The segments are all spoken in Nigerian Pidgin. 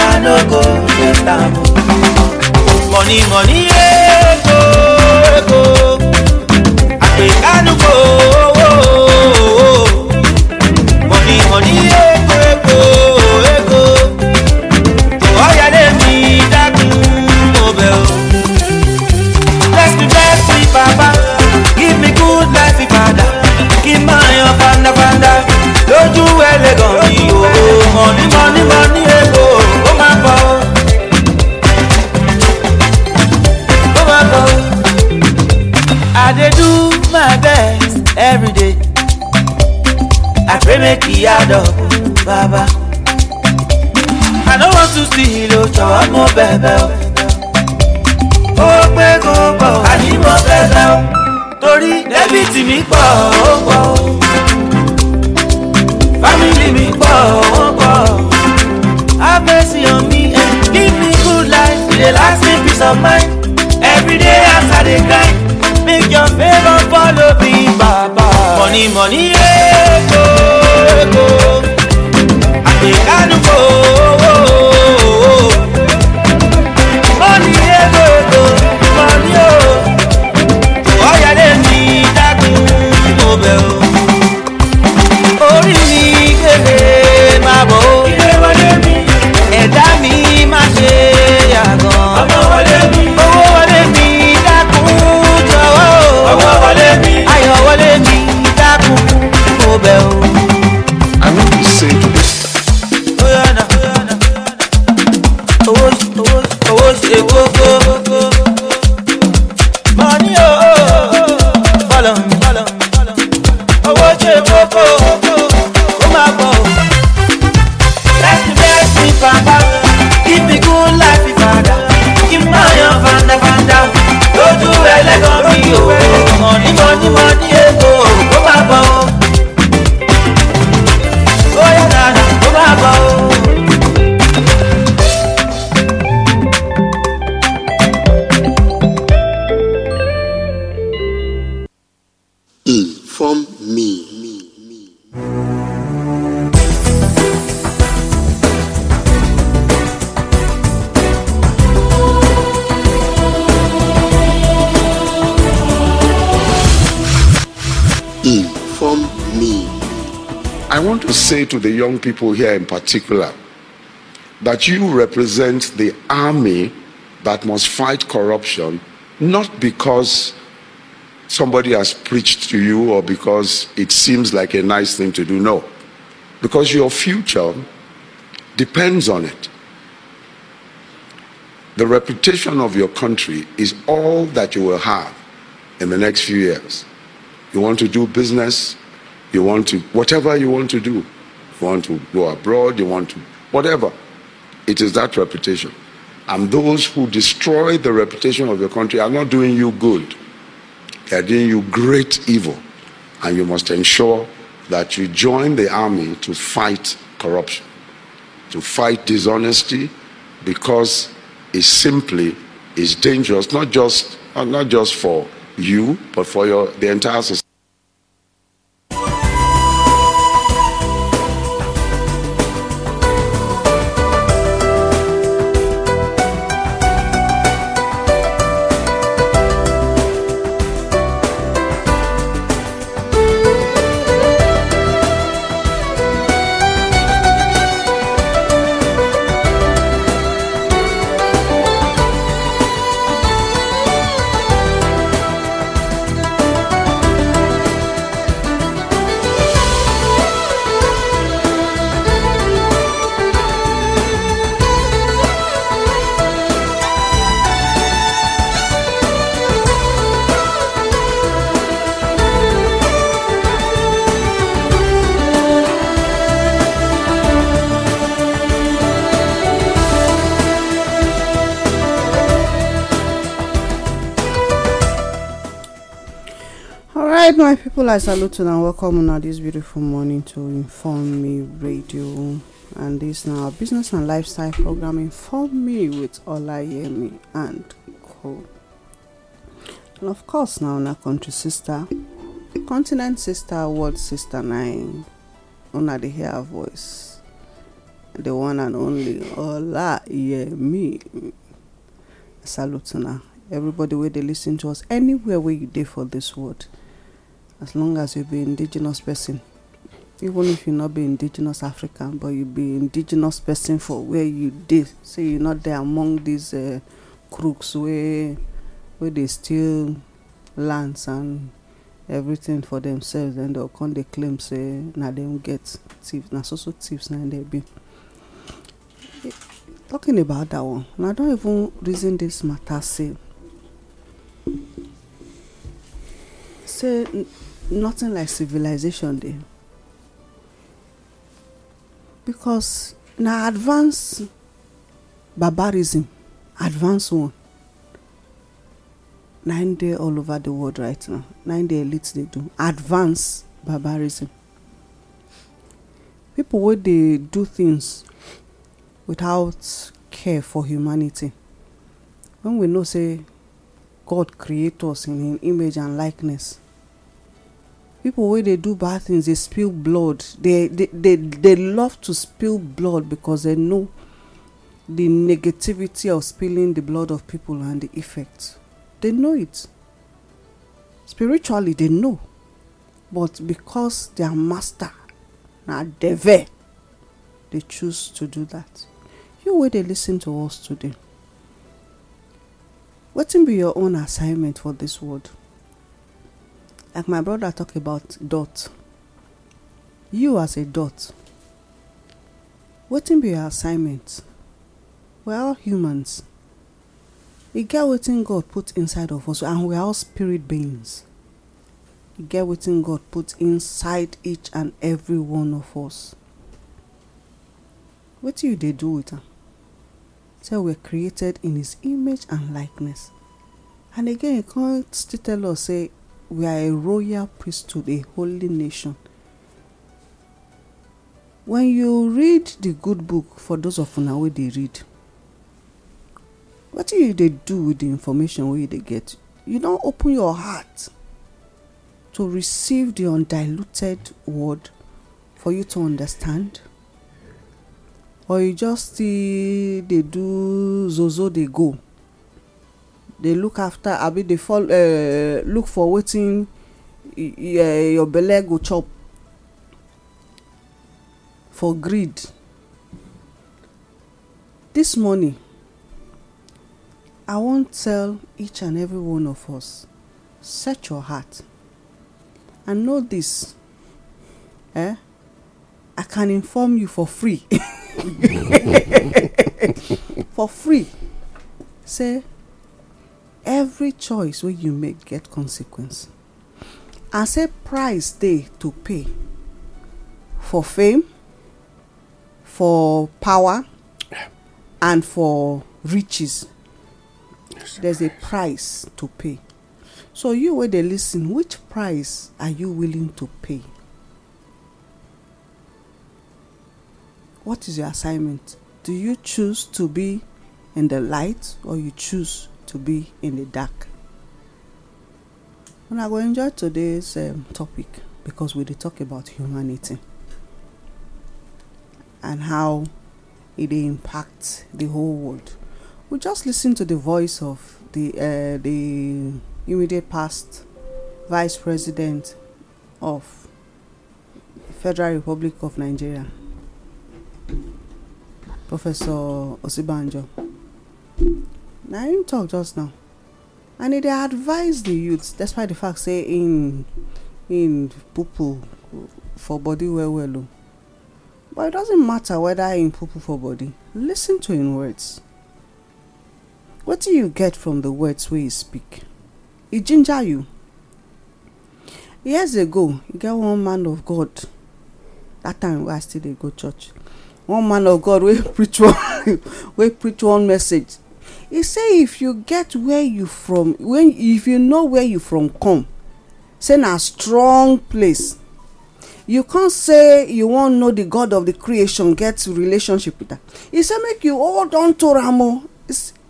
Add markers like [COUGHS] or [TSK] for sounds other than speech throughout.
I no go let am. Money, money, ego, ego. Àgbẹ̀kánu kò owó. Money, money, ego, ego, to Ọ̀yà lè mi dákun mo bẹ̀ o. Bless me, bless me, Papa. Give me good life, Ìbàdà. Kí n máa yan fandafanda lójú ẹlẹ́gàn mi o. Oh, oh. Money, money, money. make e add up baba. I don't want to see ìlò jọ̀wọ́ mo bẹ̀bẹ̀ o. Ó oh, kó pọ̀ àní mo bẹ̀bẹ̀ o. Oh. Torí débìtì mi pọ̀ ó pọ̀ o. Oh. Fámìlì mi pọ̀ ó pọ̀ oh. Have mercy on me and eh. give me good life. E last me peace of mind. Every day I I dey grind. Make your favor follow me, Baba. Money, money, yeah, oh. go. young people here in particular, that you represent the army that must fight corruption, not because somebody has preached to you or because it seems like a nice thing to do. No. Because your future depends on it. The reputation of your country is all that you will have in the next few years. You want to do business, you want to, whatever you want to do, want to go abroad, they want to whatever. It is that reputation. And those who destroy the reputation of your country are not doing you good. They are doing you great evil. And you must ensure that you join the army to fight corruption, to fight dishonesty, because it simply is dangerous, not just, not just for you, but for your, the entire society. My people. I salute you and welcome now this beautiful morning to Inform Me Radio. And this now business and lifestyle program Inform Me with Olayemi and Co. And of course, now na country sister, continent sister, world sister nine. Una dey hear her voice. The one and only Olayemi. Salute now everybody where they listen to us anywhere where you dey for this world as long as you be indigenous person even if you no be indigenous african but you be indigenous person for where you dey say you no dey among these uh, crooks wey wey dey steal lands and everything for themselves then they'll come dey claim say na dem get thieves na so so thieves na they be talking about that one and i don even reason this matter say say nothing like civilization dey because na advanced barbarism advanced one na im dey all over the world right now na im the elite dey do advanced barbarism people wey dey do things without care for humanity when we know say god create us in im image and likeness people when they do bad things they spill blood they they they they love to spill blood because they know the negativity of spilling the blood of people and the effect they know it spiritually they know but because their master na devil they choose to do that you where they listen to us today will be your own assignment for this world like my brother talk about dot you as a dot wetin be your assignment we are all humans e get wetin god put inside of us and we are all spirit beings e get wetin god put inside each and every one of us wetin you dey do with am say we are created in his image and likeness and again He come still tell us say We are a royal priesthood, a holy nation. When you read the good book, for those of una wey dey read, wetin you dey do with the information wey you dey get? You don open your heart to receive the undiluted word for you to understand? Or you just still dey do zozo dey go? dey look after abi dey follow uh, eh, look for wetin eh, your belle go chop for greed this morning i wan tell each and every one of us Set your heart and know this eh i can inform you for free [LAUGHS] for free say every choice wey you make get consequence as a price dey to pay for fame for power and for riches there's a price to pay so you wey dey lis ten which price are you willing to pay what is your assignment do you choose to be in the light or you choose to be in the dark. And I will enjoy today's um, topic because we will talk about humanity and how it impacts the whole world. We just listen to the voice of the uh, the immediate past vice president of Federal Republic of Nigeria, Professor Osibanjo. na him talk just now and e dey advise di youth despite the fact say him him pupu for body well well o oh. but it doesn't matter whether him pupu for body listen to him words wetin you get from the words wey e speak e ginger you years ago e get one man of god that time wey i still dey go church one man of god wey [LAUGHS] preach one [LAUGHS] preach one message He say if you get where you from when if you know where you from come say na strong place you come say you wan know the god of the creation get relationship with am He say make you hold on to am o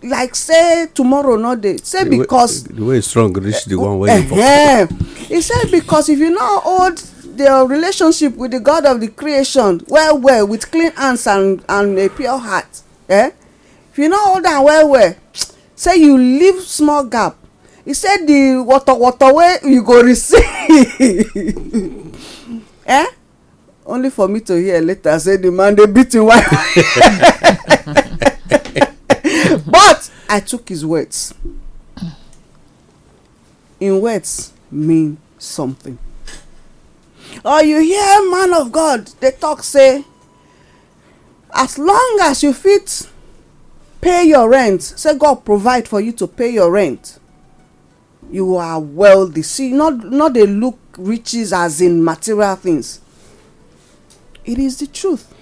like say tomorrow no dey say the because way, the way strong reach the one wey you yeah. he say because if you no hold your relationship with the god of the creation well well with clean hands and and a pure heart eh you no hold am well well [TSK] say you leave small gap e say the water water wey you go receive [LAUGHS] eh only for me to hear later say the man dey beat him wife [LAUGHS] but i took his words in words mean something or oh, you hear man of god dey talk say as long as you fit pay your rent say god provide for you to pay your rent you are wealthy see not not dey look riches as in material things it is the truth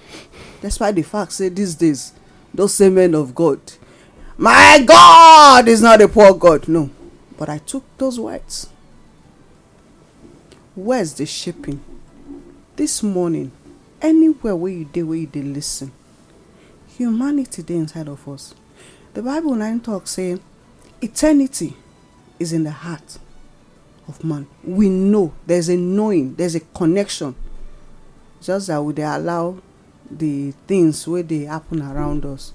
despite the fact say these days those same men of god my god is not a poor god no but i took those words where's the shipping? this morning anywhere where you dey where you dey lis ten humanity dey inside of us the bible 9 talks talk say eternity is in the heart of man we know there's a knowing there's a connection just that we they allow the things where they happen around us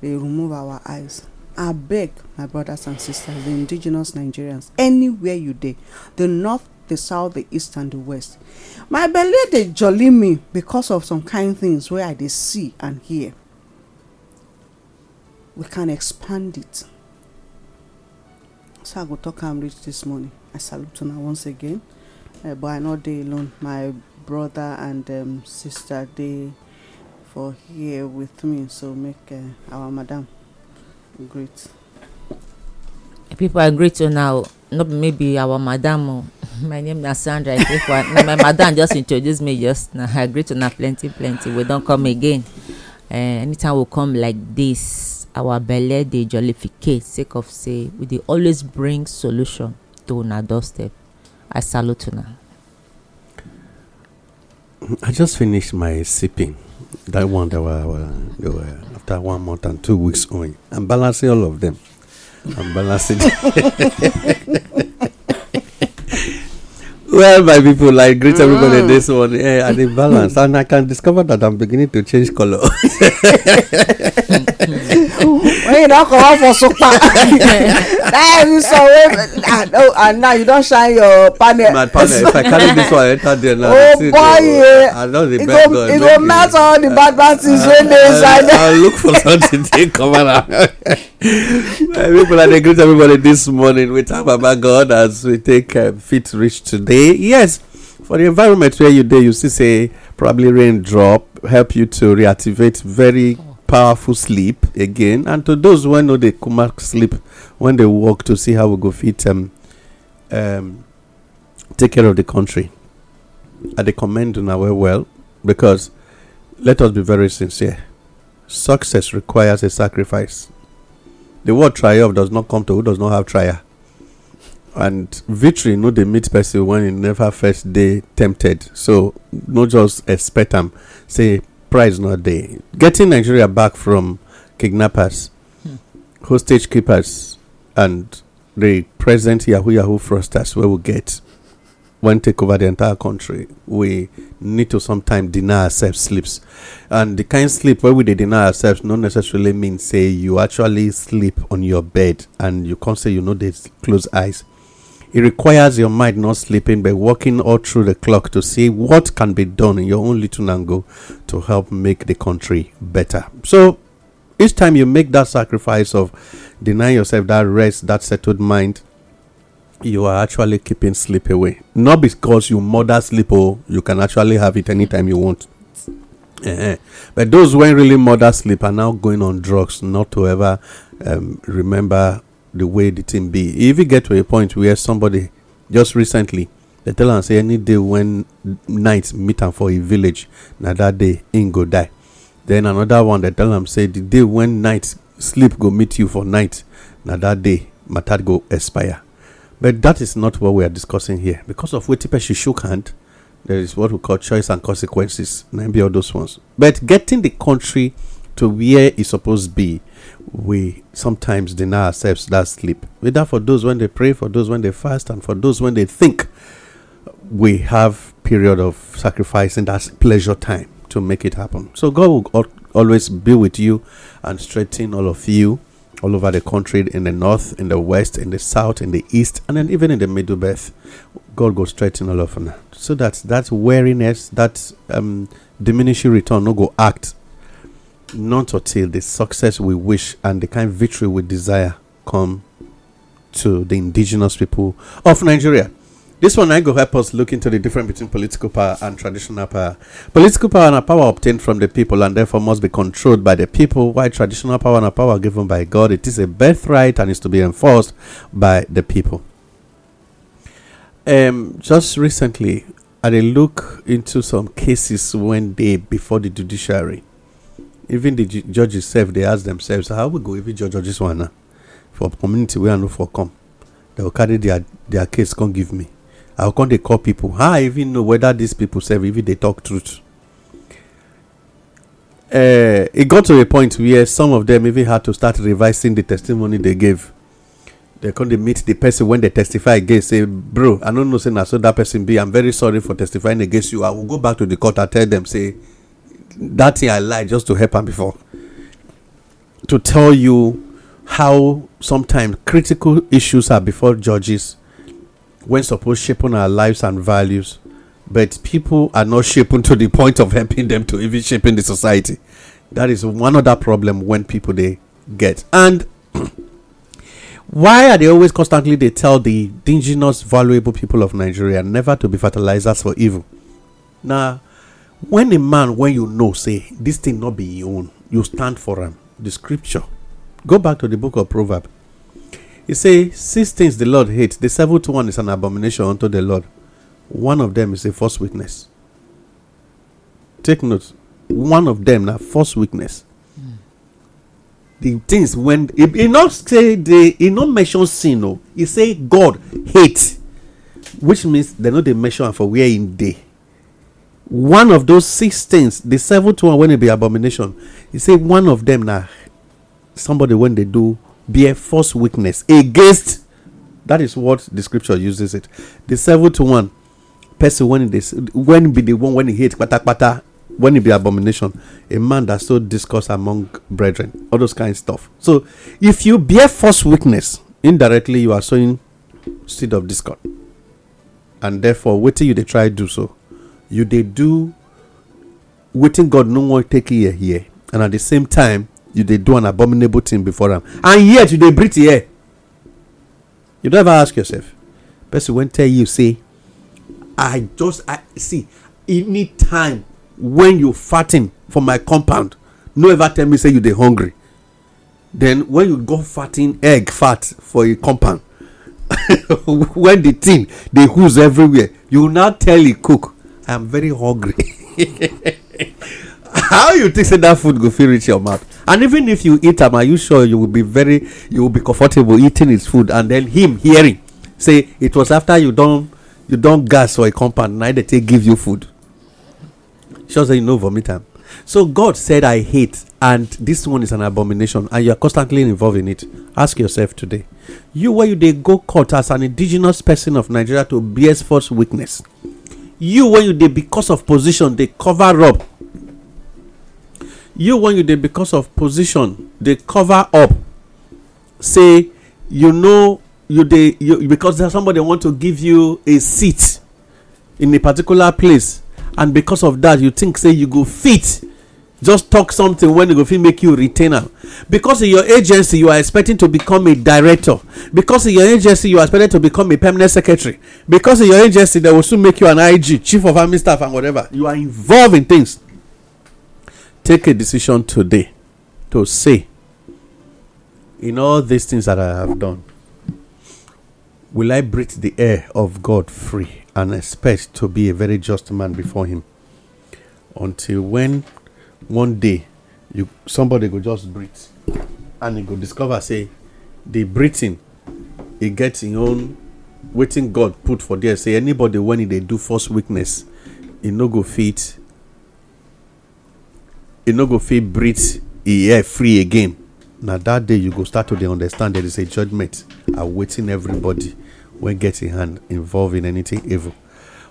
they remove our eyes I beg my brothers and sisters the indigenous nigerians anywhere you dare, the north the south the east and the west my belle they jolly me because of some kind things where i dey see and hear we can expand it. So I go talk am reach this morning. I salute una once again. Uh, but I no dey alone. My brother and um, sister dey for here with me. So make uh, our madam great. People I greet you now. Not maybe our madam o. Oh. [LAUGHS] my name is Sandra my madam just introduced me just now. I greet now plenty plenty. We don't come again. Uh, anytime we come like this our belle dey jollificate sake of say we dey always bring solution to una doorstep i salute una. i just finished my sipping that one that were, they were after one month and two weeks only i'm balancing all of them i'm balancing [LAUGHS] well my people like greet everybody mm. this one yeah, and the balance [LAUGHS] and i can discover that i'm beginning to change color [LAUGHS] you don't come out for sopa That every so. wey and now you don shine your panel my panel if i [LAUGHS] carry this one enter there now oh boy e go e go melt all the bad bad things wey dey inside there i look for something take cover am [LAUGHS] people i dey greet everybody this morning we talk about god as we take uh, fit reach today yes for the environment where you dey you see say probably rain drop help you to reactivate very powerful sleep again and to those who know they come out sleep when they work to see how we go fit um, um, take care of the country i recommend our way well because let us be very sincere success requires a sacrifice the word triumph does not come to who does not have trial and victory you no know, they meet person when he never first day tempted so no just expect am say prize not there. Getting Nigeria back from kidnappers, hmm. hostage keepers, and the present Yahoo Yahoo fraudsters where we get when take over the entire country, we need to sometimes deny ourselves sleeps. And the kind of sleep where we deny ourselves not necessarily mean say you actually sleep on your bed and you can't say you know they close eyes. It requires your mind not sleeping but working all through the clock to see what can be done in your own little nango to help make the country better. So each time you make that sacrifice of denying yourself that rest, that settled mind, you are actually keeping sleep away. Not because you murder sleep, oh, you can actually have it anytime you want. Uh-huh. But those who really murder sleep are now going on drugs, not to ever um, remember the way the team be. If you get to a point where somebody just recently they tell am say any day when night meet am for a village na that day in go die then another one they tell them say the day when night sleep go meet you for night na that day matter go expire but that is not what we are discussing here because of wetin she shook hand there is what we call choice and consequences Maybe all those ones but getting the country to where supposed to be we sometimes deny ourselves that sleep. that for those when they pray, for those when they fast, and for those when they think, we have period of sacrificing that pleasure time to make it happen. So God will always be with you and strengthen all of you all over the country in the north, in the west, in the south, in the east, and then even in the middle birth. God goes straighten all of them. So that that weariness, that um diminishing return, no go act not until the success we wish and the kind of victory we desire come to the indigenous people of Nigeria. This one I go help us look into the difference between political power and traditional power. Political power and power obtained from the people and therefore must be controlled by the people, while traditional power and power given by God, it is a birthright and is to be enforced by the people. Um, just recently, I look into some cases when they before the judiciary even the judges self, they ask themselves how we go even judge this one now for community wey i no for come dem go carry their their case come give me i go come dey call people how i even know whether these people sef even dey talk truth uh, it got to a point where some of them even had to start revising the testimony they gave. They come to meet the person when they testify against, say, Bro, I don't know, say, so that person be. I'm very sorry for testifying against you. I will go back to the court. I tell them, say, that thing I lied just to help before. To tell you how sometimes critical issues are before judges when supposed shaping our lives and values, but people are not shaping to the point of helping them to even shaping the society. That is one other problem when people they get. And [CLEARS THROAT] why are they always constantly they tell the indigenous valuable people of Nigeria never to be fertilizers for evil? Now nah, when a man when you know say this thing not be your own you stand for him the scripture go back to the book of proverbs it say six things the lord hates the seventh one is an abomination unto the lord one of them is a false witness take note one of them now false witness the things when he e not say the he not mention sin he oh. say god hate which means they no dey mention for where in day. one of those six things the seventh one when it be abomination he say one of them na somebody when they do bear false witness against that is what the scripture uses it the seventh one person when they when be the one when he hate pata pata when it be abomination a man that so discuss among brethren all those kind of stuff so if you bear false witness indirectly you are sowing seed of discord and therefore waiting you they try to do so you they do waiting god no one take ear here, and at the same time you they do an abominable thing before him, and yet you they breathe here. you don ever ask yourself person wen tell you see, i just i see any time when you farting for my compound no ever tell me say you they hungry then when you go farting egg fat for a compound [LAUGHS] when the thing they who's everywhere you now tell a cook I'm very hungry. [LAUGHS] How you think that food go fit reach your mouth? And even if you eat am, are you sure you will be very you will be comfortable eating his food and then him hearing say it was after you don't, you don't gas or a compound neither they give you food. Sure say you know vomit am. So God said I hate and this one is an abomination and you are constantly involved in it. Ask yourself today. You where you dey go court as an indigenous person of Nigeria to BS false witness. you when you dey because of position dey cover up you when you dey because of position dey cover up say you know you dey you because somebody want to give you a seat in a particular place and because of that you think say you go fit just talk something when you go fit make you retain am because in your agency you are expecting to become a director because in your agency you are expected to become a permanent secretary because in your agency they will soon make you an ig chief of army staff and whatever you are involved in things take a decision today to say in all these things that i have done will i breathe the air of god free and expect to be a very just man before him until when one day you somebody go just breathe and you go discover say the breathing e get im own wetin god put for there say anybody when e dey do first weakness e no go fit e no go fit breathe e air free again na that day you go start to dey understand there is a judgment awaiting everybody wey get im hand involved in anything evil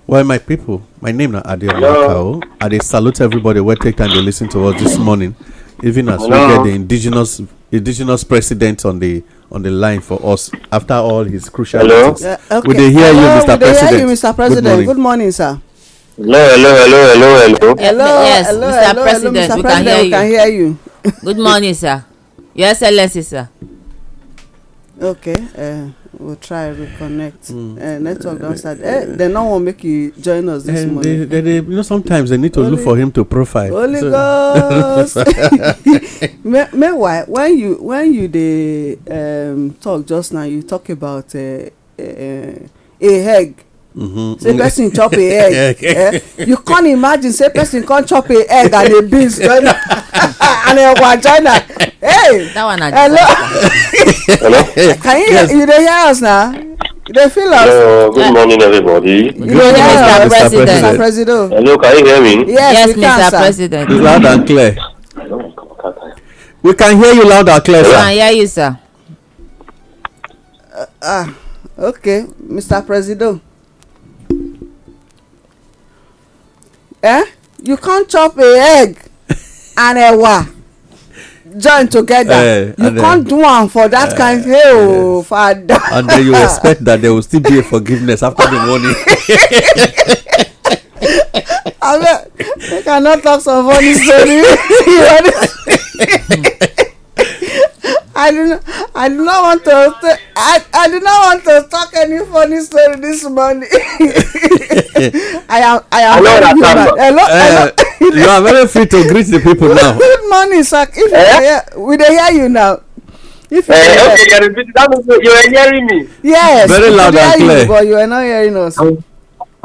Well, my people, my name is Ade Amakao. I salute everybody where take time to listen to us this morning, even as Hello. we get the indigenous indigenous president on the on the line for us after all his crucial Hello. Yeah, okay. Would they hear hello, you, Mr. President? Hear you, Mr. President. Good morning, Good morning sir. Hello, hello, hello, hello, hello. Hello, yes, hello, Mr. Hello, President, hello, Mr. We, President can we can hear you. Good morning, sir. Yes, Excellency, sir. Okay. Uh, we'll try reconnect mm. uh, network eh, don start eh they no wan make you join us this eh, morning. They, they, they, you know sometimes they need to Holy, look for him to profile. Holy so. Ghost. [LAUGHS] [LAUGHS] meanwhile when you when you dey um, talk just now you talk about uh, uh, a egg say mm-hmm. person chop a egg [LAUGHS] eh you con imagine say person con chop a egg and a beans join [LAUGHS] and a wajina hey hello can you you dey hear us now you dey feel us hello good morning everybody good morning mr president mr president hello can you hear me yes mr president it's loud and clear we can hear you loud and clear we can hear you sir ah okay mr president eh you come chop a egg and ewa join together eh, you come do am for that eh, kind hey oh father and then you expect that there will still be a forgiveness after the warning abeg [LAUGHS] make i no talk some funny story [LAUGHS] [LAUGHS] I do, I do not want to I, I do not want to talk any funny story this morning. [LAUGHS] I am I am hello, very human. Hello, uh, hello. you are very free to greet the people now. [LAUGHS] Good morning, sir. If eh? you hear, we dey hear you now. If you eh, okay, you're repeating that means you are hearing me. Yes. Very loud and clear. You, but you are not hearing us. Um,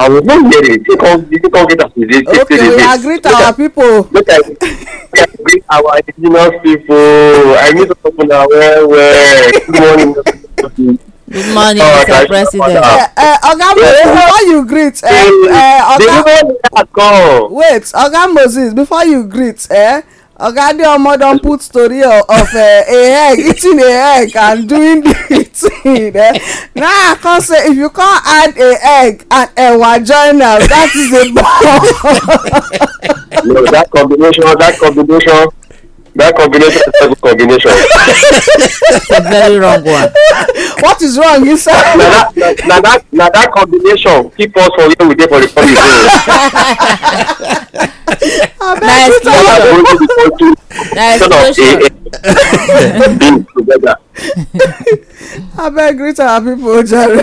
I will not hear it. Take on, take on, get us today. Okay, we agree to our people. Make I, make I greet our indigenous people. I need to open our well, well. Good morning. Good morning, oh, Mr. President. Eh, eh, Oga Moses, before you greet, eh, uh, Oga, wait, Oga Moses, before you greet, eh, uh, oga adeomo don put story of eh, a egg eating a egg and doing the [LAUGHS] thing eh now i come say if you come add a egg and ewa join am that is a bomb. [LAUGHS] no that combination that combination That combination is not a combination. [LAUGHS] a very wrong one. what is wrong, you sir? Now that, now that, now that combination keep us for here we dey for the coming [LAUGHS] Nice. na explosion na explosion. abeg greet our people jare.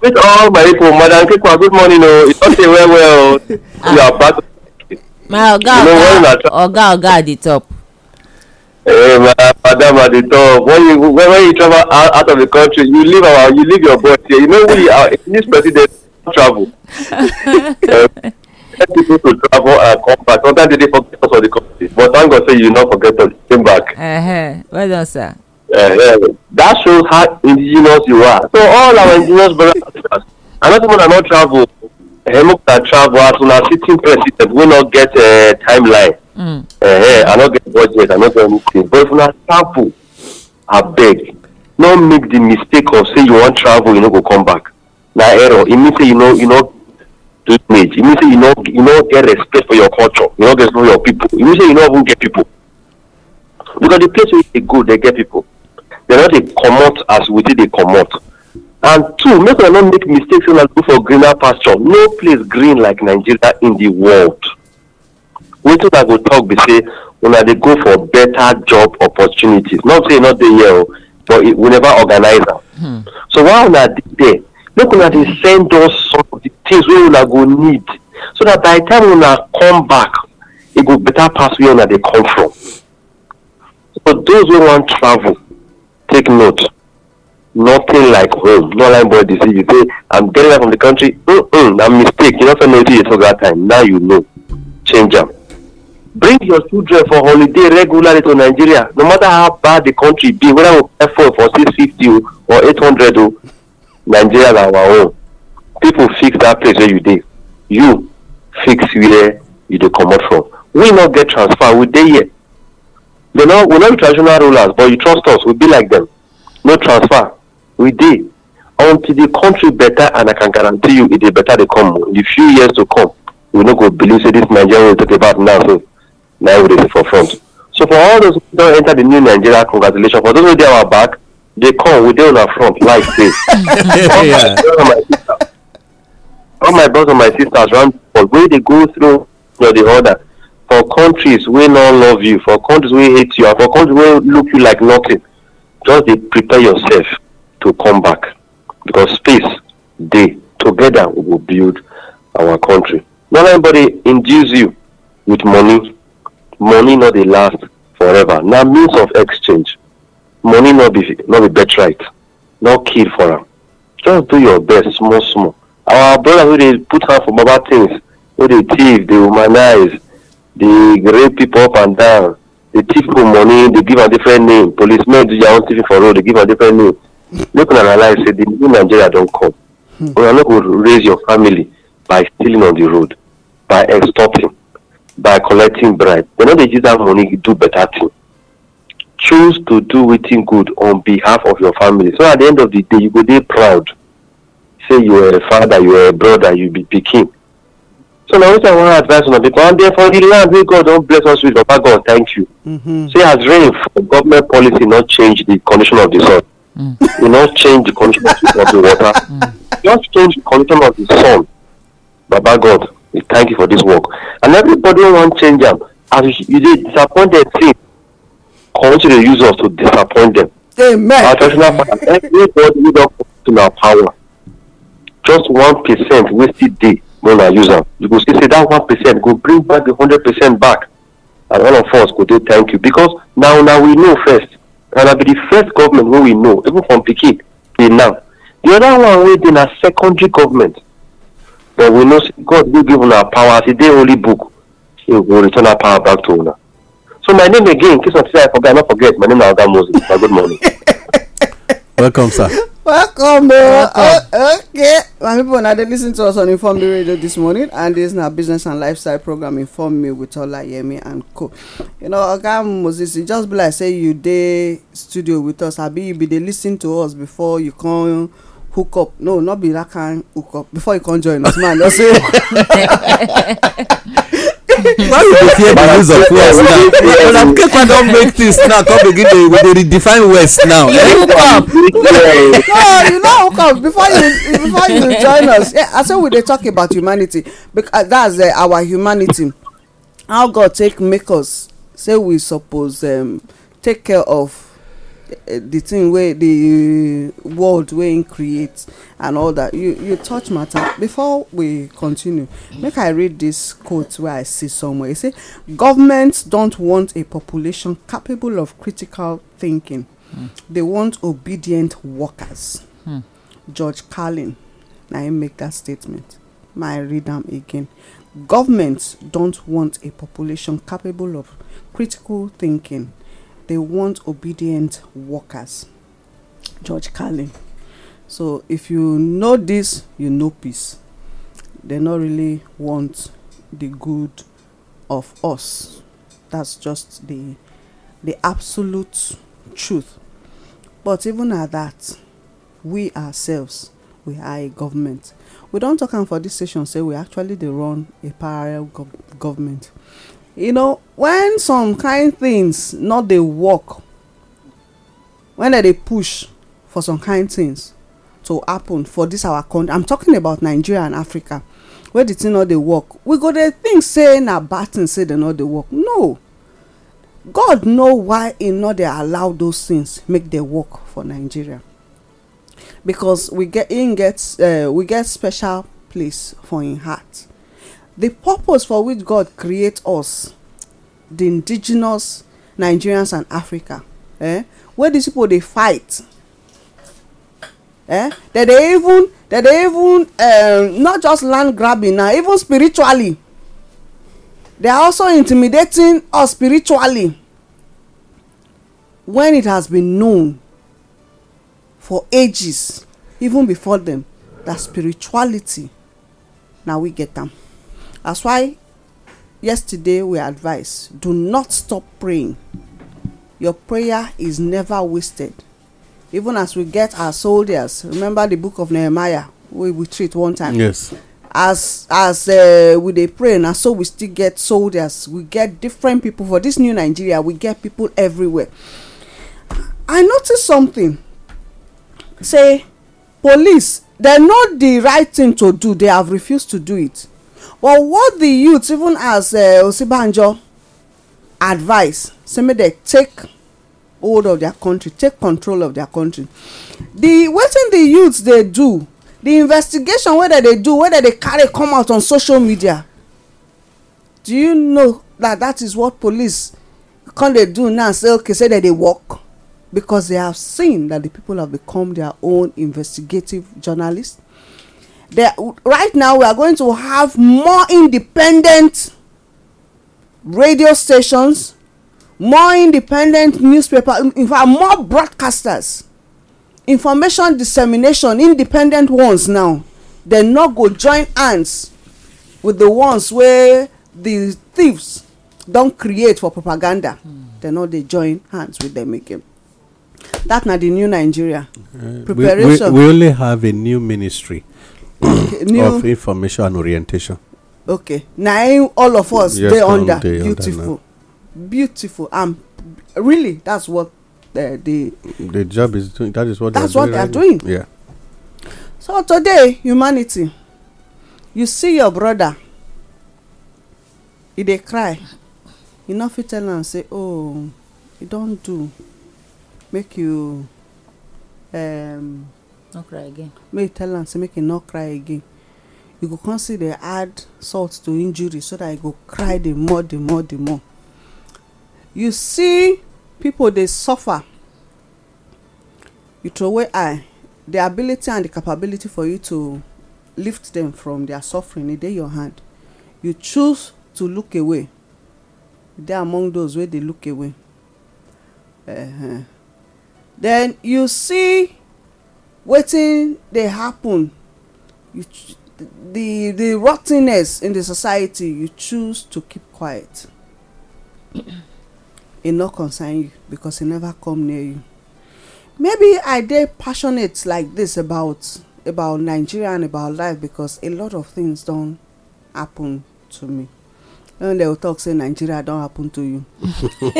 greet all my people madam kekwa good morning o oh. you don dey well well o oh. ah. you are back my oga oga oga oga at the top. Hey, eh, my madam at the top when you when, when you travel out, out of the country you leave our you leave your boy here you know we are this president travel. Let [LAUGHS] eh, people to travel and come back sometimes they dey forget us for the country but thank God say you no forget us you came back. Uh-huh. well done sir. Uh-huh. that shows how indigenous you are so all our indigenous brothers and sisters and not even na no travel hemuka travel as una sitting president We no get uh, timeline mm. Hey, eh, eh, i no get budget i no get anything but if una travel I beg, no make the mistake of say you wan travel you no go come back na error e mean say you no do image e mean say you no get respect for your culture you no get know your people. e mean say you no even get people because the place wey you dey go dey get people. They no dey comot as wetin dey comot And two, make we not make mistakes and go for greener pasture. No place green like Nigeria in the world. Wetin I go talk be say una dey go for better job opportunities. Not say e not dey here o, but we never organize am. Hmm. So while una dey there, make una dey send us some of the things wey una go need so that by the time una come back, e go better pass where una dey come from. So those wey wan travel, take note nothing like home no like body see you say i'm getting out from the country mm-mm na mistake you not fit know wetin you talk that time now you know change am bring your children for holiday regularly to nigeria no matter how bad the country be whether we pay phone for six fifty or eight hundred nigeria na our own people fix that place where you dey you fix where you come out from we not get transfer we dey here we know we not traditional rulers but you trust us we be like them no transfer we dey until di country better and i can guarantee you e dey better dey come in di few years to come we no go believe say dis nigeria wey we talk about now so na we dey see for front so for all those who don enter the new nigeria congratulations for those wey dey our back dey come we dey on our front like dey [LAUGHS] all my brothers and my sisters round for wey dey go through or the order. for countries wey no love you for countries wey hate you and for countries wey look you like nothing just dey prepare yourself to come back because space they together we will build our country not anybody induce you with money money not they last forever now means of exchange money not be not be birthright not kill for them just do your best small small our brothers wey dey put hand for baba things wey dey thief dey humanize dey rape people up and down dey thief people money dey give am different name policemen do their own thing for road dey give am different name make una realize say the new nigeria don come hmm. una no go raise your family by stealing on the road by extorting by collecting bribe dem no dey use that money do better thing choose to do wetin good on behalf of your family so at the end of the day you go dey proud say you are a father you are a brother you be pikin so na wetin i wan advise una because and then for the land wey god don bless us with papa god thank you mm-hmm. say as rain for government policy no change the condition of the soil Mm. You not change the condition of the water. Mm. Just change the condition of the sun. Baba God, we thank you for this work. And everybody want change them. as you, you disappoint them team. Continue to use us to disappoint them. Amen. Our everybody we don to our power. Just one percent wasted day dey when na use am. You go see that one percent go bring back the hundred percent back. And all of us could, dey thank you because now, now we know first and na be the first government wey we know even from pikin till now The other one wey dey na secondary government but we know say god dey give una power as e dey holy book He we go return our power back to una so my name again in case of say i forget i no forget my name na oga moses na good morning. [LAUGHS] Welcome, sir. Welcome, uh, oh, okay. My people, now they listen to us on Inform the Radio this morning, and this is our business and lifestyle program, Inform Me with Ola Yemi and Co. You know, Oga Moses, it just be like say you day studio with us, Abi, you be they listen to us before you come hook up. No, not be that kind hook up before you come join us, man. That's [LAUGHS] it. [LAUGHS] why you dey the use of words now una kekwa don make things now come begin dey we dey redefine West now. you eh? hook up no you no hook up before you before you join us yeah, i say we dey talk about humanity because uh, that's uh, our humanity how god take make us say we suppose um, take care of Eh, the thing where the world where him creates and all that you you touch matter before we continue make i read this quote where i see somewhere you say governments don't want a population capable of critical thinking mm. they want obedient workers mm. george carlin Now him make that statement may i read them again governments don't want a population capable of critical thinking they want obedient workers. George Carlin. So if you know this, you know peace. They not really want the good of us. That's just the the absolute truth. But even at that, we ourselves, we are a government. We don't talk for this session say we actually they run a parallel government you know when some kind things not dey work when dem dey push for some kind things to happen for this our country i'm talking about nigeria and africa Where the thing no dey work we go dey think say na bad thing say dem no dey work no god know why in no dey allow those things make dey work for nigeria because we get in get uh, we get special place for in heart the purpose for which God create us, the indigenous Nigerians and Africa, eh, where these people they fight. Eh, that they even that they even um, not just land grabbing now, even spiritually. They are also intimidating us spiritually when it has been known for ages even before them that spirituality na we get am That's why yesterday we advised do not stop praying. Your prayer is never wasted. Even as we get our soldiers, remember the book of Nehemiah we we treat one time. Yes. As as uh, we dey pray na so we still get soldiers. We get different people for this new Nigeria. We get people everywhere. I notice something. Say police they are not the right thing to do they have refused to do it Well, what the youth even as uh, osinbajo advice say make they take hold of their country take control of their country the wetin the youth dey do the investigation wey dem dey do wey dem dey carry come out on social media do you know that that is what police come dey do now say okay say dem dey work because they have seen that the people have become their own investigative journalists right now we are going to have more independent radio stations more independent newspaper in fact more broadcasters information dissemination independent ones now they no go join hands with the ones wey the thieves don create for propaganda hmm. They no dey join hands with them again that na the new nigeria preparation we only have a new ministry [COUGHS] new of information and orientation okay na all of us dey under beautiful beautiful and really that's what uh, the the job is doing that is what that's what they are doing yeah so today humanity you see your brother e dey cry you no fit tell am say oh e don do make you um, no cry again make you tell am say make e no cry again you go come see dey add salt to injury so that e go cry the more the more the more you see people dey suffer you throway eye the ability and the capability for you to lift them from their suffering e dey your hand you choose to look away you dey among those wey dey look away uh -huh. then you see wetin dey happen you the the rottenness in the society you choose to keep quiet [CLEARS THROAT] e no concern you because e never come near you maybe i dey passionate like this about about nigeria and about life because a lot of things don happen to me when dem talk say nigeria don happen to you [LAUGHS]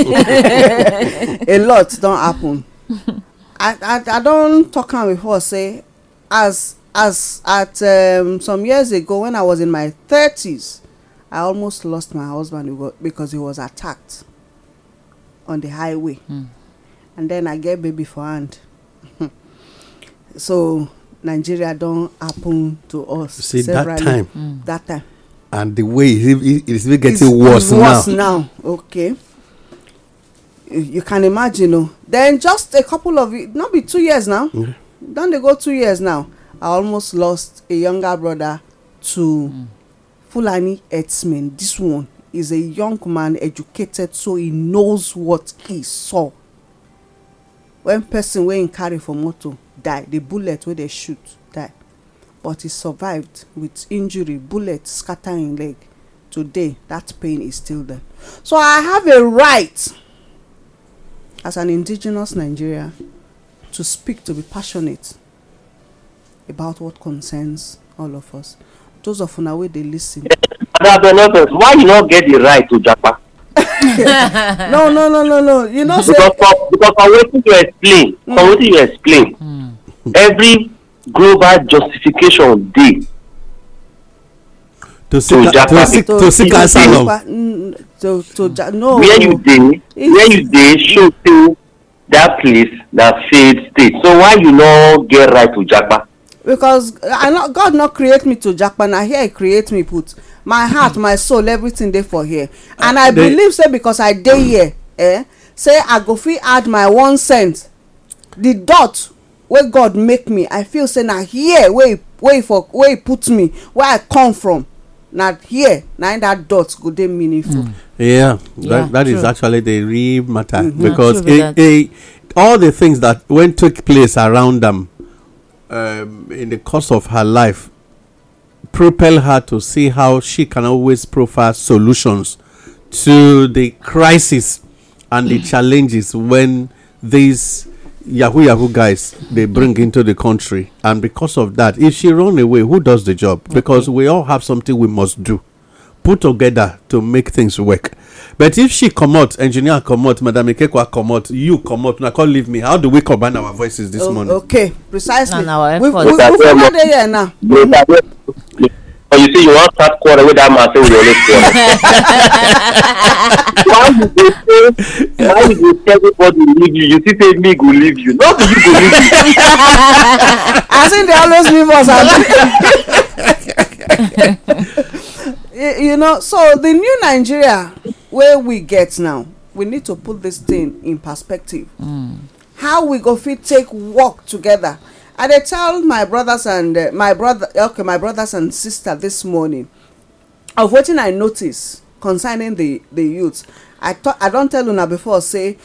a lot don happen [LAUGHS] i i, don't talk am before say eh? as as at um, some years ago when i was in my thirties i almost lost my husband because he was attacked on the highway mm. and then i get baby for hand [LAUGHS] so nigeria don happen to us see that time mm. that time and the way it is even getting it's, worse it's worse now worse now okay you can imagine oh. then just a couple of not be two years now yeah. don dey go two years now i almost lost a younger brother to mm. fulani herdsmen this one is a young man educated so he knows what he saw when person wey him carry for motor die the bullet wey dey shoot die but he survived with injury bullet scatter him leg today that pain is still there so i have a right as an indigenous Nigeria to speak, to be passionate about what concerns all of us. Those of una wey dey listen. Why you not get the right to japa? [LAUGHS] no no no no no you know say. because for because for waiting to explain mm. for wetin you explain mm. Hmm. every global justification dey to seek to seek to seek answer to to to no. where you dey where you dey show say dat place na failed state so why you no get right to japa. because i no god no create me to japa na here he create me put my heart my soul everything dey for here and i believe say because i dey here eh say i go fit add my one cent the dot wey god make me i feel say na here wey e for wey e put me where i come from na here na in that dot go dey meaningful. Mm. yeah, yeah that, that is actually the real matter. Mm-hmm. because a, a, all the things that when took place around them um, in the course of her life propel her to see how she can always profile solutions to the crisis and the [CLEARS THROAT] challenges when these yahoo yahoo guys they bring into the country and because of that if she run away who does the job because we all have something we must do put together to make things work but if she come out, engineer come out, madam ikekwa out, you comot una come leave me how do we combine our voices this o morning. okay precisely we we we no dey here now but you see you wan start quarrel with that man say we always quarrel. why you dey say why you dey tell everybody leave you you see say me go leave you no be you go leave me. [LAUGHS] as im dey always leave us abi. [LAUGHS] you know so the new nigeria wey we get now we need to put this thing in perspective. Mm. how we go fit take work together i dey tell my brothers and uh, my brother okay my brothers and sister this morning of what i notice concerning the the youth i talk i don't tell una before say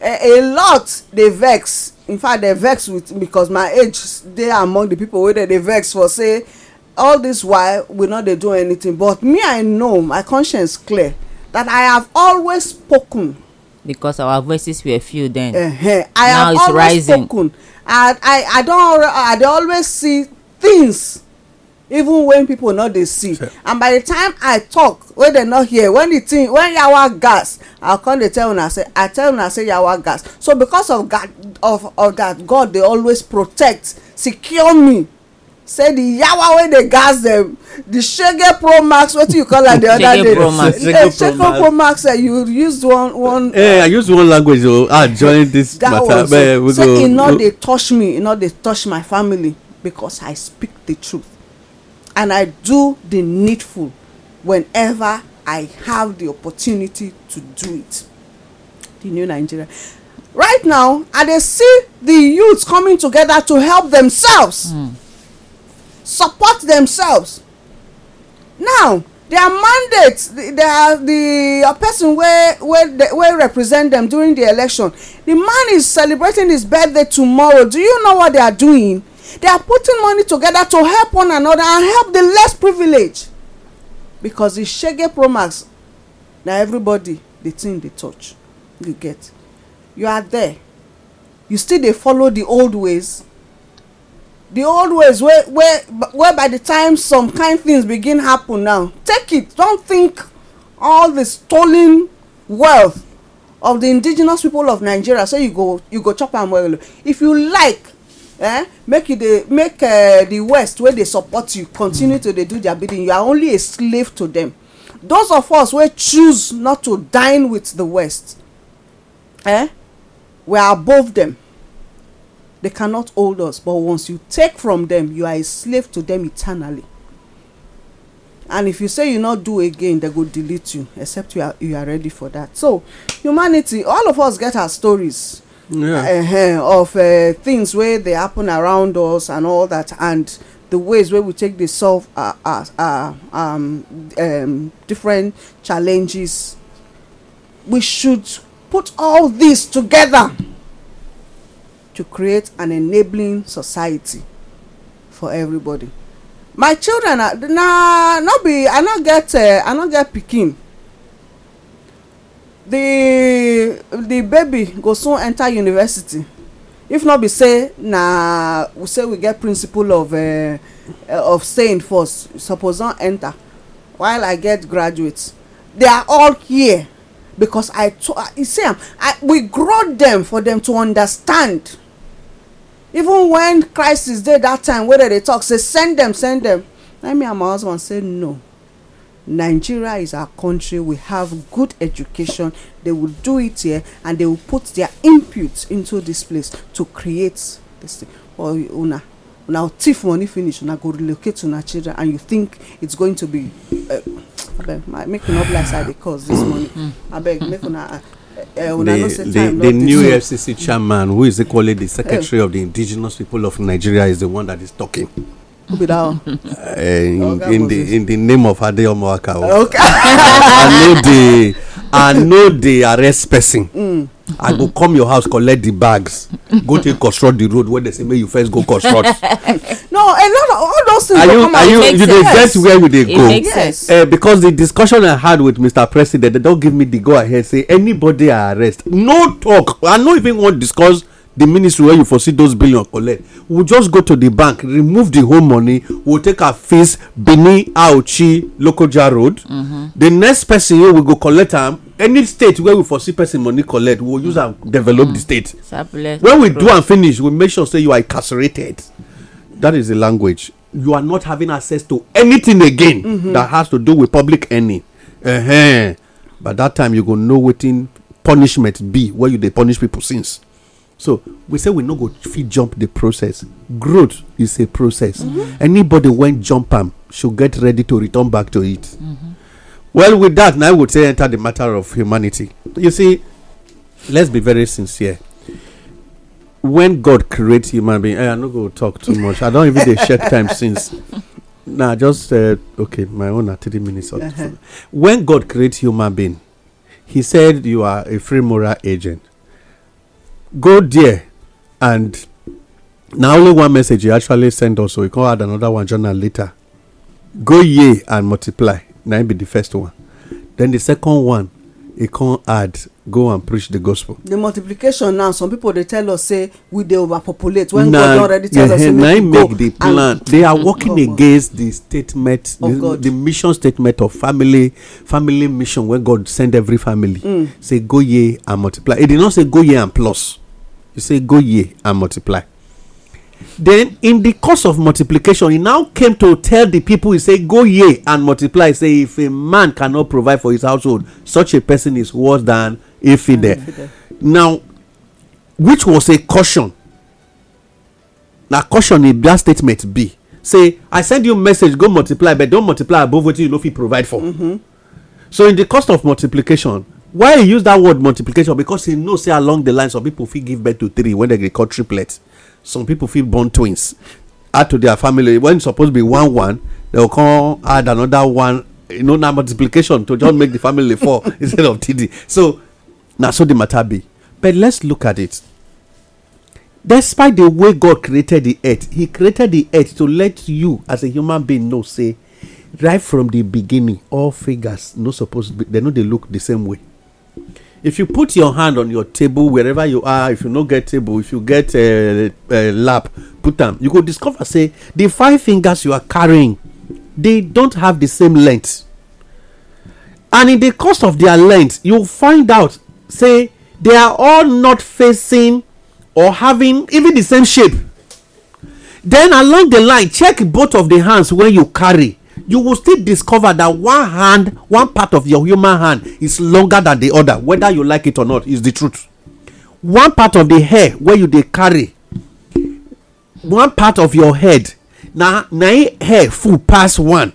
a, eh, a lot they vex in fact they vex with because my age they are among the people where they vex for say all this while we not they do anything but me i know my conscience clear that i have always spoken. because our voices were few then. Uh -huh. i now have always rising. spoken i i i don i dey always see things even when people no dey see sure. and by the time i talk wey dem no hear when the thing when yawa gas i come dey tell una say i tell una say yawa gas so because of that of of that god dey always protect secure me say the yawa wey dey gas dem the shege pro max wetin you call am the [LAUGHS] other day shege pro max eh you use one one. eh i use one language o oh, ah join this matter bẹẹ eh, we go. say e no dey touch me e no dey touch my family because i speak the truth and i do the needful whenever i have the opportunity to do it the new nigeria right now i dey see the youth coming together to help themselves. Mm support themselves now their mandate their the person wey wey wey represent them during the election the man is celebrating his birthday tomorrow do you know what they are doing they are putting money together to help one another and help the less privileged because the shege promax na everybody the thing dey touch you get you are there you still dey follow the old ways the old ways wey wey wey by the time some kind things begin happen now take it don think all the stolen wealth of the indigenous people of nigeria say so you go you go chop am well if you like eh make you dey make uh, the west wey dey support you continue mm. to dey do their bidding you are only a slave to them those of us wey choose not to dine with the west eh we are above them They cannot hold us. But once you take from them, you are a slave to them eternally. And if you say you not do again, they will delete you, except you are you are ready for that. So humanity, all of us get our stories. Yeah. Uh, of uh, things where they happen around us and all that and the ways where we take the solve our, uh, uh, uh, um, um, different challenges. We should put all this together to create an enabling society for everybody my children na no be i no get uh, i no get pikin the the baby go soon enter university if not be say na we say we get principle of uh, of staying first suppose don enter while i get graduates, they are all here because i to i see am i we grow them for them to understand even when crisis dey that time wey dem dey talk say send dem send dem na me and my husband say no nigeria is our country we have good education they will do it here and they will put their input into this place to create this thing or oh, una una thief money finish una go relocate una children and you think it's going to be uh, abeg make una be like say i dey cause this morning mm. abeg make una ah, Eh, the, the, the new FCC chairman, who is equally the secretary eh. of the indigenous people of Nigeria, is the one that is talking. Uh, in, in, the, in the name of Adeomo Akao. Oh. Okay. I know the i no dey arrest person mm. i go come your house collect the bags go take construct the road wey dey say make you first go construct [LAUGHS] no a lot of all those things go come out you you dey get where you dey go yes eh, because the discussion i had with mr president don give me the go ahead say anybody i arrest no talk i no even wan discuss the ministry where you foresee those billion collect we we'll just go to the bank remove the whole money we will take our fees benin aochi lokoja road mm -hmm. the next person wey we go collect am any state where we foresee person money collect we will use am mm. develop mm -hmm. the state when we do am finish we make sure say you are incarcerated that is the language you are not having access to anything again mm -hmm. that has to do with public earning uh-huh. by that time you go know wetin punishment be where you dey punish people since so we say we no go fit jump the process growth is a process mm-hmm. anybody when jump am should get ready to return back to it mm-hmm. well with that now i would say enter the matter of humanity you see let's be very sincere when god created human being eh, i no go talk too much i don't even dey check time [LAUGHS] since na just eh, okay my own thirty minutes uh-huh. when god created human being he said you are a free moral agent go there and na only one message he actually send us so he come add another one journal later go ye and multiply na him be the first one then the second one he come add go and preach the gospel. the multiplication now some people dey tell us say we dey overpopulate when na, God already tell yeah, us eh, say make we go make the plan and, they are working oh, against the statement oh, the, the mission statement of family family mission wey God send every family mm. say go ye and multiply e did not say go ye and plus you say go ye and multiply then in the course of multiplication he now came to tell the people he say go ye and multiply he say if a man cannot provide for his household such a person is worse than a fidel now which was a caution na caution in that statement be say i send you message go multiply but don multiply above wetin you no fit provide for mm -hmm. so in the cost of multiplication why he use that word multiplication because he know say along the line some people fit give birth to three when they dey call triplets some people fit born twins add to their family when suppose be one one they go come add another one you know na multiplication to just make the family four [LAUGHS] instead of three so na so the matter be but let's look at it despite the way god created the earth he created the earth to let you as a human being know say right from the beginning all figures no suppose be they no dey look the same way if you put your hand on your table wherever you are if you no get table if you get a lap put am you go discover say the five fingers you are carrying they don't have the same length and in the course of their length you find out say they are all not facing or having even the same shape then along the line check both of the hands where you carry you will still discover that one hand one part of your human hand is longer than the other whether you like it or not is the truth one part of the hair wey you dey carry one part of your head na na e hair full pass one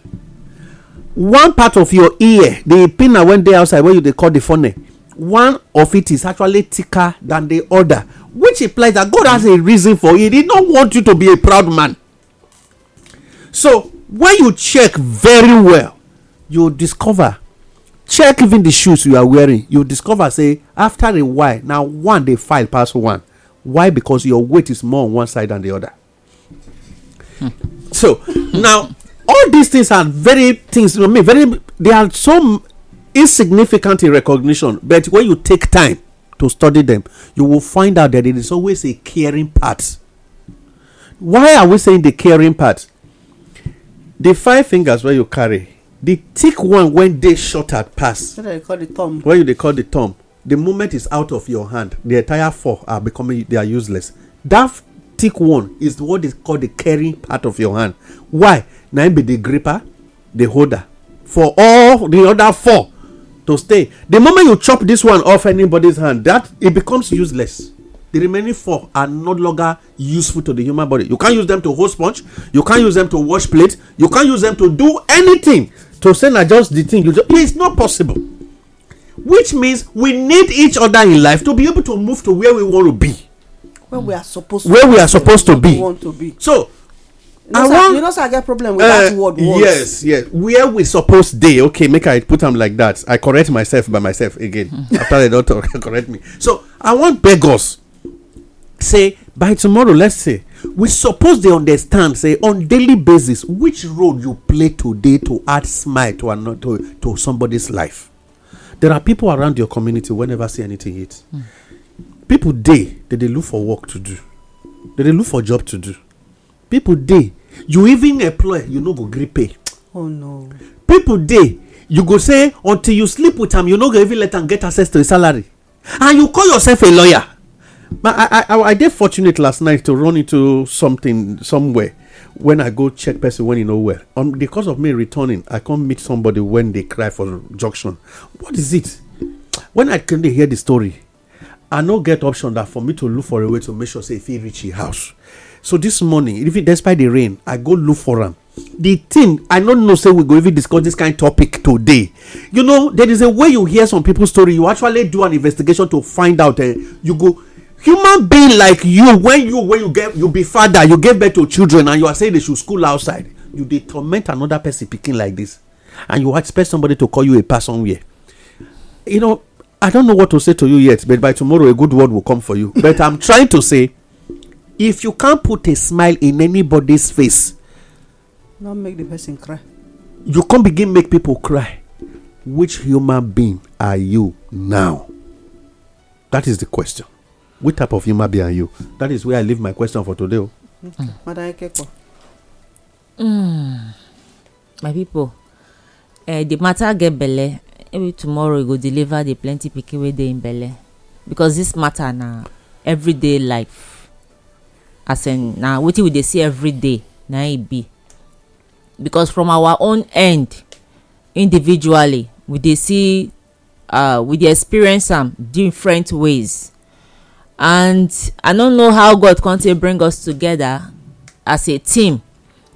one part of your ear the pinna wey dey outside wey you dey call the funnel one of it is actually thicker than the other which implies that god has a reason for it he no want you to be a proud man so when you check very well you discover check even the shoes you are wearing you discover say after a while now one dey file pass one why because your weight is more on one side than the other so [LAUGHS] now all these things are very things i mean very they are so insignificant in recognition but when you take time to study them you will find out that it is always a caring part why are we saying the caring part the five fingers wey you carry the thick one wey dey shorter pass wey you dey call the thumb the moment is out of your hand the entire four are becoming they are useless that thick one is what is called the carrying part of your hand why na im be the gripper the holder for all the other four to stay the moment you chop this one off anybody's hand that it becomes useless the remaining four are no longer useful to the human body. You can't use them to hold sponge, you can't use them to wash plate, you can't use them to do anything to say na just the thing you just it's not possible. Which means we need each other in life to be able to move to where we want to be. Where we are supposed where to we are supposed to be. Want to be. So you know, I want, you know, sir, I get problem with uh, that word. Once. Yes, yes. Where we suppose they okay, make I put them like that. I correct myself by myself again [LAUGHS] after the doctor [LAUGHS] correct me. So I want beg us say by tomorrow let's say we suppose dey understand say on daily basis which role you play today to add smile to another to, to somebody's life there are people around your community wey never see anything yet mm. people dey they dey look for work to do They dey look for job to do people dey you even employ you no go gree pay oh no people dey you go say until you sleep with am you no go even let am get access to a salary and you call yourself a lawyer But I, I, I did fortunate last night to run into something somewhere when I go check person when you know where. On um, because of me returning, I can't meet somebody when they cry for junction. What is it? When I can hear the story, I no get option that for me to look for a way to make sure say if he reach his house. So this morning, if it despite the rain, I go look for him. The thing I don't know say we go even discuss this kind of topic today. You know, there is a way you hear some people's story, you actually do an investigation to find out. Uh, you go human being like you when you when you get you be father you give birth to children and you are saying they should school outside you dey torment another person pikin like this and you expect somebody to call you a person here you know i don't know what to say to you yet but by tomorrow a good word will come for you [LAUGHS] but i'm trying to say if you can't put a smile in anybody's face not make the person cry you can't begin make people cry which human being are you now that is the question What type of human being are you? That is where I leave my question for today. Oh. Madam hmm. Ekeko. My people, uh, the matter get belle. Maybe tomorrow we go deliver the plenty pikin wey dey in belle because this matter na everyday life as in na wetin we dey see everyday na e be because from our own end individually we dey see uh, we dey experience am different ways and i no know how god come take bring us together as a team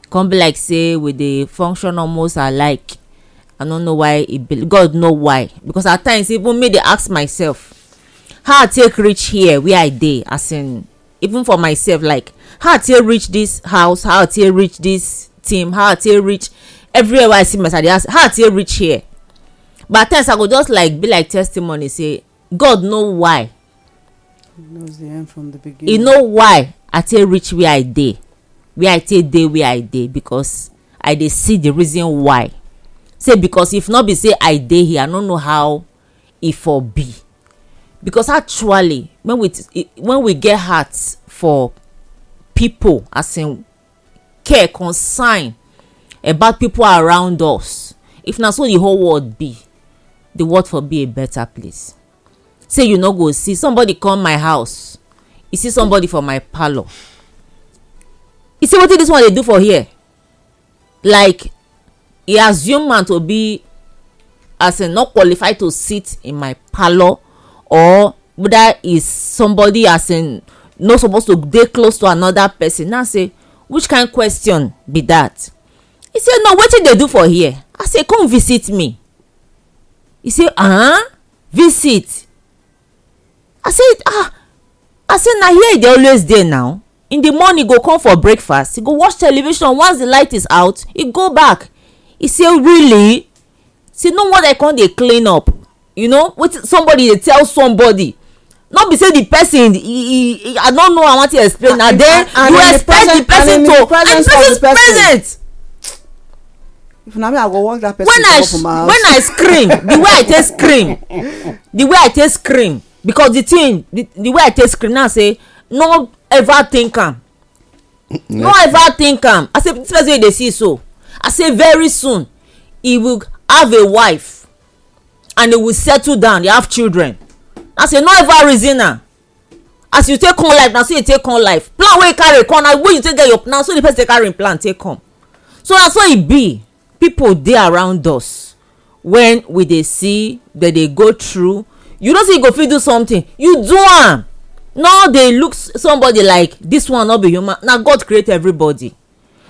come be like say we dey function almost alike i no know why e be god know why because at times even me dey ask myself how i take reach here where i dey as in even for myself like how i take reach this house how i take reach this team how i take reach everywhere wey i see myself i dey ask how i take reach here but at times i go just like be like testimony say god know why You know why i take reach where i dey where i take dey where i dey because i dey see the reason why say because if not be say i dey here i no know how e for be because actually when we when we get heart for people as in care concern about people around us if na so the whole world be the world for be a better place say you no go see somebody come my house e see somebody for my parlour e say wetin this one dey do for here like e assume man to be as in not qualified to sit in my parlour or whether is somebody as in no suppose to dey close to another person now say which kind question be that he say no wetin dey do for here i say come visit me he say uh -huh? visit i say ah i say na here e dey always dey now in the morning e go come for breakfast He go watch television once the light is out he go back He say really say no wonder i come dey clean up you know wetin somebody dey tell somebody no be say the person He, e i no know i want to explain na then you expect the person to and the person is present. if na me i go watch that person when i when i scream the way i take scream the way i take scream because the thing the, the way i take screen now say no ever think am no ever think am i say this person wey dey see so i say very soon he will have a wife and he will settle down he have children i say no ever reason am as you take on life na so you take on life plan wey you carry come na wey you take get your na so the person take carry him plan take come so na so e be people dey around us when we dey see dem dey go through you know say you go fit do something you do am no dey look somebody like this one no be human na god create everybody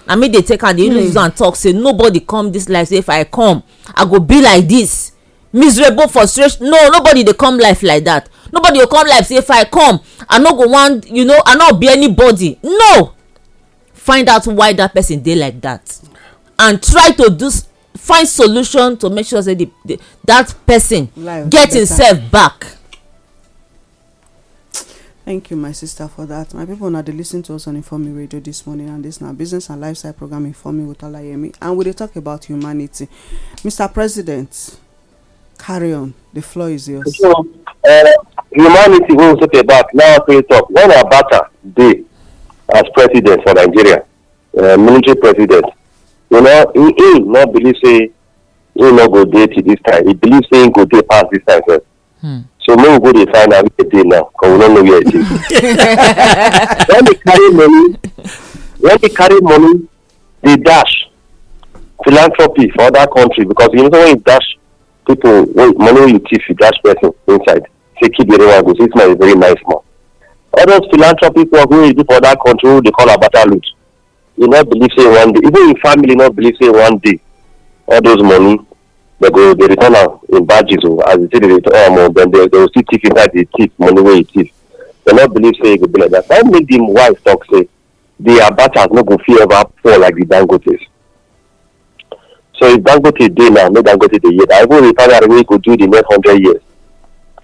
na me dey take am dey use hmm. am talk say nobody come this life say if i come i go be like this miserable frustration no nobody dey come life like that nobody go come life say if i come i no go wan you know i no be anybody no find out why that person dey like that and try to do find solution to make sure say the, the that person Life get himself back. thank you my sister for that my people na dey lis ten to us on informe radio this morning and this na business and lifestyle program informe with alayemi and we dey talk about humanity mr president carry on the floor is yours. so uh, humanity wey we talk about now fit talk when abata dey as president for nigeria uh, military president you know he he not believe say he not go dey till this time he believe say he go dey past this time sef hmm. so make we go dey find out where e now because we no know where e dey [LAUGHS] when dey carry money when dey carry money dey dash philanthropy for that country because you know when you dash people wey money wey you thief you dash person inside say keep the other one this man is very nice man all those philanthropic work wey do for that country they call a battle loot you not believe say one day even if family not believe say one day all those money they go dey return am in badges o oh, as you see dey return am o dem dey go still thief inside the thief money wey e thief dem not believe say e go be like that that make him wife talk say the abatas no go fit ever fall like the dangotes so if dangote dey now no dangote dey yet and even refinery wey go do the next hundred years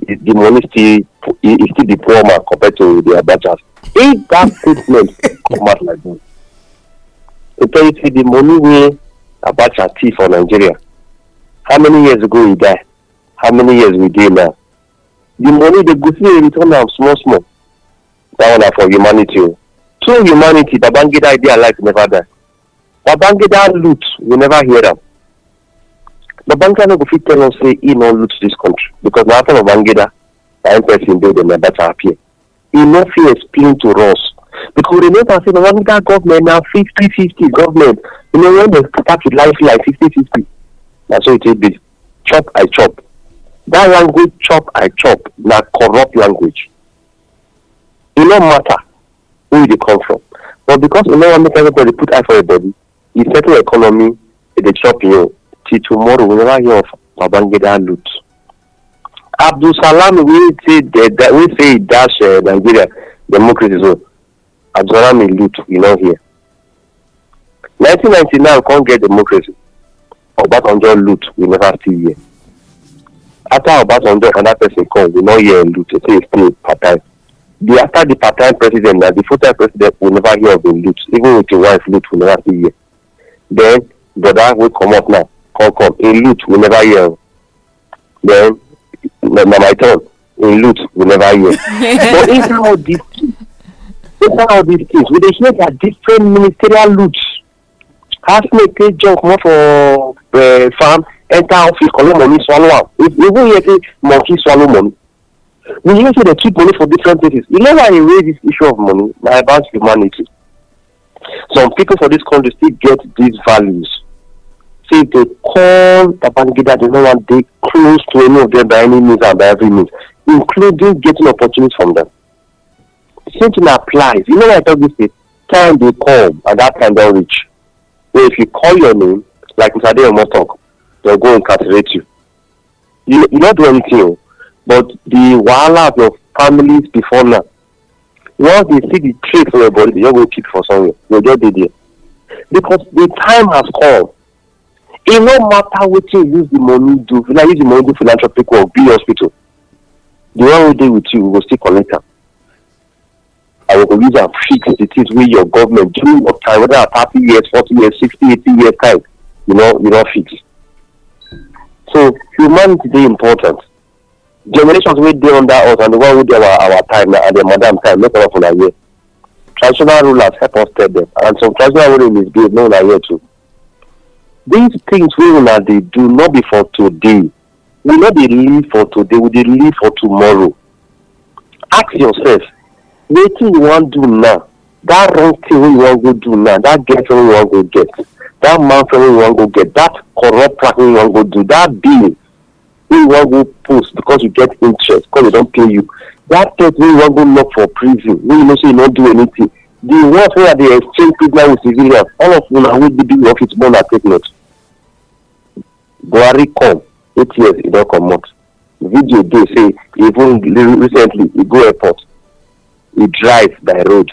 the money still e still be poor man compared to the abatas if that statement come out like that to tell you say the money wey abacha thief for nigeria how many years ago he die how many years we dey now the money dey go fit return am small small that one na for humanity oh. o through humanity babangida dey alive never die babangida loot we never hear am babangida no go fit tell us say he no loot this country because na after babangida na im person build dem abacha appear He no fit explain to us Because they know that the Rwanda government now 50 50 government. You know, when they start with life like 50 50, that's so it be. Chop, I chop. That language, chop, I chop, na corrupt language. It don't matter who they come from. But because you know, make everybody put eye for everybody, you settle economy, they chop you. Till tomorrow, we never hear of Babangida loot. Abdul Salam we say that we say dash uh, Nigeria democracy zone aduroami lead we no hear nineteen ninety nine come get democracy obasanjo loot we never see here. after obasanjo another person come we no hear him loot say still part time the after the part time president na the full time president we never hear of him loot even with him wife loot we never see here. then will come up now come come In loot we never hear then na my turn him loot we never hear But inside all this Look at all these things. We dey hear their different ministerial routes. Housemate take job comot for uh, farm, enter office, collect money, swallow am. You hear say monkey swallow money. We hear say dey keep money for different places. You know why I raise this issue of money? Na about humanity. Some people for this country still get these values. See, they call Babangida, they don't want to close to any of them by any means and by every means, including getting opportunities from them thinking applies. You know, I talk this day, time will come and that time don't reach. So if you call your name, like Mr. Adeyomo talk, they'll go and incarcerate you. You you not do anything, but the wahala of your families before now. Once they see the trick for your body, they just go kick for somewhere. They just dey there because the time has come. It e no matter wetin you use the money do, if you na use the money do philanthropic work, build hospital, the one wey deal with you we will still collect am and we go use am fix the things wey your government during your time whether na thirty years forty years sixty eighty years time you know, you know, fix so humanity dey important generations wey dey under us and the one wey dey our our time na and their madam time make all of una hear traditional rulers help us tell them and some traditional rulers is good. no una hear too these things wey una dey do no be for today we no dey live for today we dey live for tomorrow ask yourself wetin you wan do now That wrong thing wey you wan go do now That get wey you wan go get That man friend wey you wan go get That corrupt practice wey you wan go do That bill wey you wan go post because you get interest because they don pay you That debt wey you wan go lock for prison wey you know say you no do anything the ones wey i dey exchange prisoner with civilians all of una wey dey big office more na take note buhari come eight years e don comot video dey say even recently e go airport we drive by road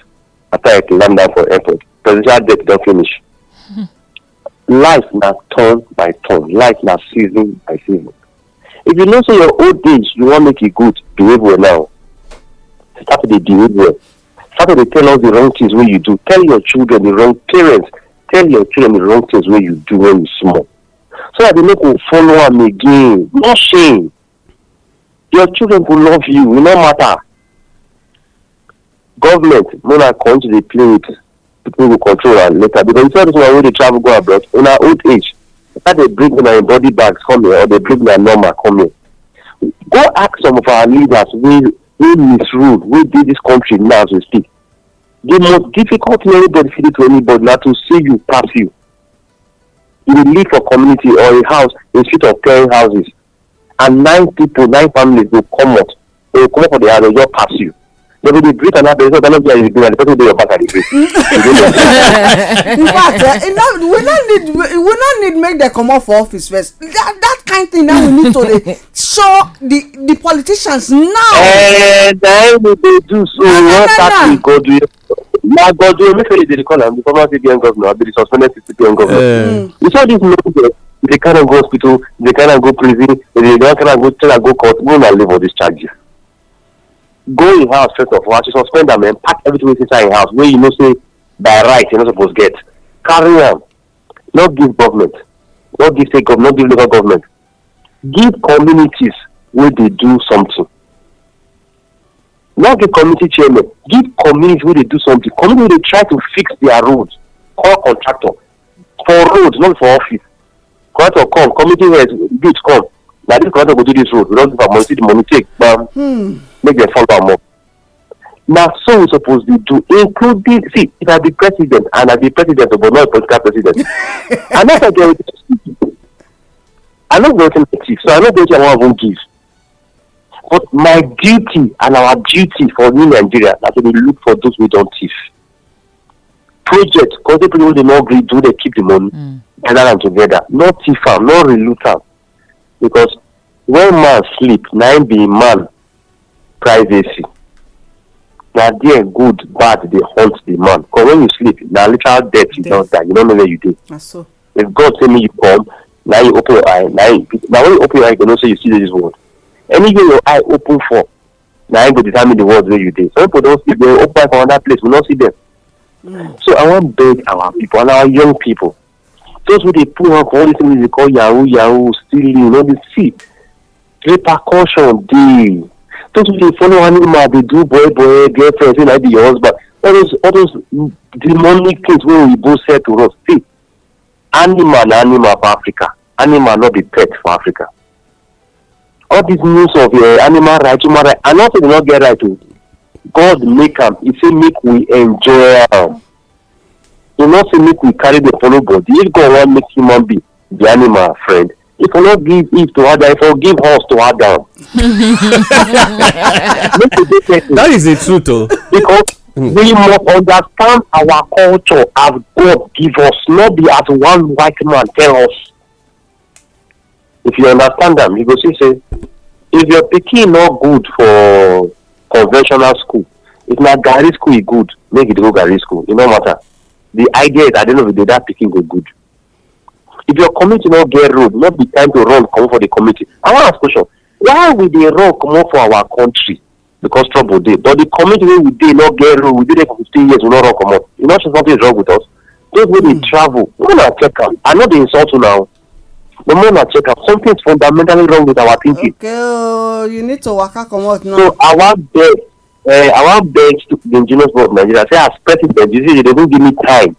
after i climb down for airport presidential debt don finish hmm. life na turn by turn life na season by season if you know say your old days, you wan make e good behave well now start to dey behave well start to dey tell all the wrong things wey you do tell your children the wrong parents tell your children the wrong things wey you do when you small so that they no go follow am again no shame your children go love you e no matter government no na country dey play with people go control am later because you see all those people wey dey travel go abroad una old age whether dey bring una body bags come here or dey bring una normal come here go ask some of our leaders wey wey misrule wey dey dis country now as we speak the most difficult thing anybody fit do to anybody na to see you pass you you dey live for community or a house a street of clearing houses and nine people nine families go comot dey go comot for the house dey just pass you they be great and happy. So cannot be a great and the person do your back at the great. In fact, eh, now we not need we not need make them come for office first. That that kind thing now we need to dey show the the politicians now. Eh, na we dey do so. What that we go do? na godo emefiele dey recall am the former cbn governor abi the suspended cbn governor. Eh. you saw this nonsense dey carry am go hospital dey carry am go prison dey carry am go tell am go court make una leave all these charges go in house first of all as you suspend am and pack everything wey inside in house wey you know say by right you no suppose get carry am no give government no give state government no give local government give communities wey dey do something no give community chairman give community wey dey do something community wey dey try to fix their road call contractor for road not for office contractor come community head youth come na this contractor go do this road we don give am money see the money take gbam. Hmm make dem follow am up na so we suppose dey do including see if i be president and i be president but not a political president [LAUGHS] i no get wetin i no get wetin i give so i no get wetin i wan even give but my duty and our duty for new nigeria na to dey look for those wey don thief project country people wey dey no gree do dey keep the money hmm. gather am together no thief am no reloot am because when man sleep na him be man privacy na there good bad dey haunt the man because when you sleep na literal death you don die you no know where you dey if god say make you come na you open your eye na you when you open your eye you go know say you see this world anywhere your eye open for na im go determine the world where you dey some people don sleep dey open eye for another place we no see them mm. so i wan beg our people and our young people those wey dey pull hand for all these things dey call yahoo yahoo stealing all this see repercussion dey those who dey follow animal dey do boy boy girlfriend say na be your husband all those all those demonic things wey oyibo sell to us see animal na animal for africa animal no be pet for africa all this news of uh, animal right human right i know say they no get right o oh. god make am he say make we enjoy am he no say make we carry the follow body if god wan make human be the animal friend you cannot give if to other you for give horse to adam. that is the truth o. because hmm. we must understand our culture as god give us not be as one white man tell us. if you understand them, you go see say if your picking not good for conventional school if na garri school is e good make it e go garri school It e no matter the idea is i don't know if the that picking go good if your committee no get road no be time to run comot for the committee. i wan ask question why we dey run comot for our country because trouble dey but the committee wey we dey no get road we dey there for fifteen years we no run comot you know say something is wrong with us those wey dey hmm. travel una check am i no dey insult una o but more check am something is fundamentally wrong with our thinking. okay ooo oh, you need to waka comot now. so our wan beg uh, i wan beg the indigenous people of nigeria say as president you see they don't give me time